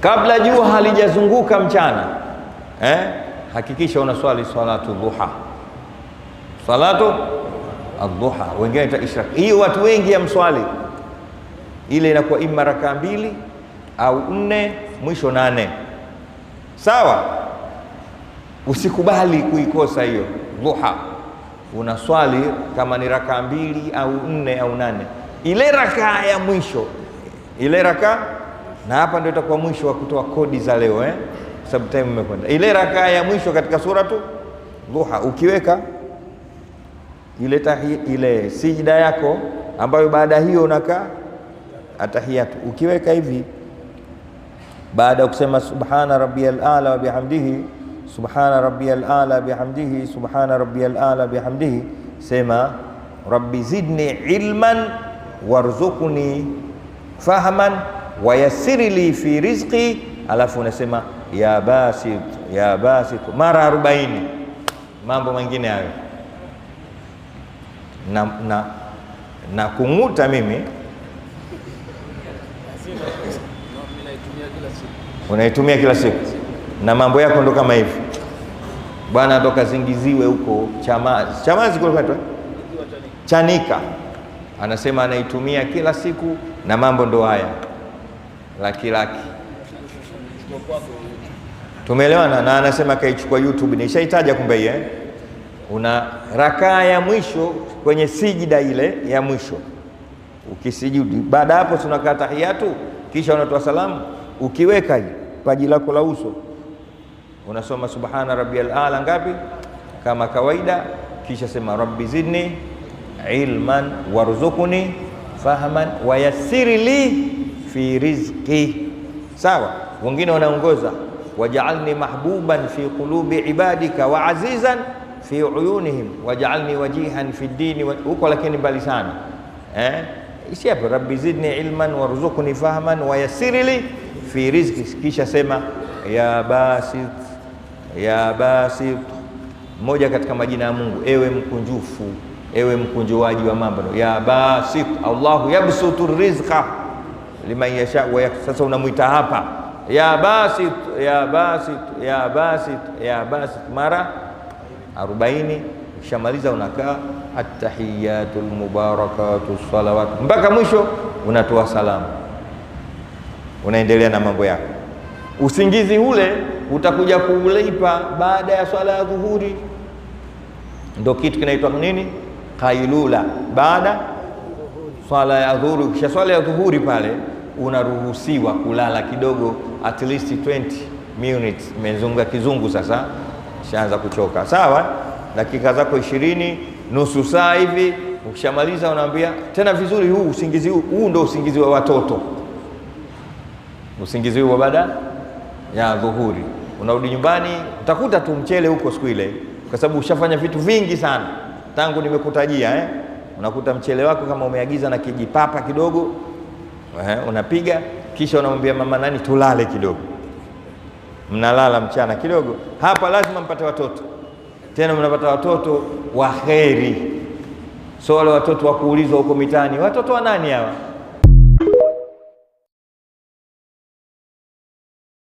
kabla jua halijazunguka mchana eh? Hakikisha unaswali salatu dhuha, salatu adduha wengine ta ishraq. Hii watu wengi ya mswali ile inakuwa ima rakaa mbili au nne, mwisho nane. Sawa, usikubali kuikosa hiyo dhuha. Unaswali kama ni rakaa mbili au nne au nane, ile rakaa ya mwisho, ile rakaa na hapa ndio itakuwa mwisho wa kutoa kodi za leo eh? Sababu time imekwenda. Ile rakaa ya mwisho katika sura tu Dhuha ukiweka ile tahi, ile sijida yako ambayo baada hiyo unakaa atahiyatu ukiweka hivi baada ya kusema subhana rabbiyal ala wa bihamdihi subhana rabbiyal ala bihamdihi subhana rabbiyal ala bihamdihi, sema rabbi zidni ilman warzuqni fahman wayasiri li fi rizqi, alafu unasema ya basit ya basit mara 40 mambo mengine hayo na, na, na kung'uta mimi unaitumia kila siku na mambo yako ndo kama hivi bwana, ndo kazingiziwe huko Chamazi, Chamazi kule kwetu Chanika, anasema anaitumia kila siku na mambo ndo haya laki laki. Tumeelewana na anasema kaichukua YouTube, nishaitaja kumbe hii eh? Una rakaa ya mwisho kwenye sijida ile ya mwisho ukisijudi, baada hapo tunakaa tahiyatu, kisha unatoa salamu, ukiweka paji lako la uso unasoma subhana rabbiyal ala ngapi kama kawaida, kisha sema rabbi zidni ilman waruzukuni fahman wayassir li fi rizqi. Sawa, wengine wanaongoza waj'alni mahbuban fi qulubi ibadika wa azizan fi uyunihim waj'alni wajihan fi dini huko, lakini mbali sana eh? Isi hapo rabbi zidni ilman warzuqni fahman li fi rizqi, kisha sema ya basit ya basit, mmoja katika majina ya Mungu, ewe mkunjufu, ewe mkunjuaji wa mambo, ya basit. Allahu yabsutu rizqa liman yasha wa yak. Sasa unamwita hapa ya basit ya basit ya basit ya basit mara 40 Ukishamaliza unakaa atahiyatul mubarakatu salawat mpaka mwisho, unatoa salamu, unaendelea na mambo yako. Usingizi ule utakuja kuulipa baada ya swala ya dhuhuri, ndo kitu kinaitwa nini? Kailula, baada swala ya dhuhuri. Ukisha swala ya dhuhuri pale unaruhusiwa kulala kidogo at least 20 minutes. Mezunga kizungu sasa, shaanza kuchoka. Sawa, dakika zako ishirini, nusu saa hivi. Ukishamaliza unaambia tena vizuri, huu usingizi huu, huu ndio usingizi wa watoto, usingizi huu wa baada ya dhuhuri. Unarudi nyumbani utakuta tu mchele huko siku ile, kwa sababu ushafanya vitu vingi sana tangu nimekutajia eh? Unakuta mchele wako kama umeagiza na kijipapa kidogo eh, unapiga kisha unamwambia mama nani, tulale kidogo. Mnalala mchana kidogo. Hapa lazima mpate watoto, tena mnapata watoto waheri. So wale watoto wa kuulizwa huko mitaani, watoto wa nani hawa?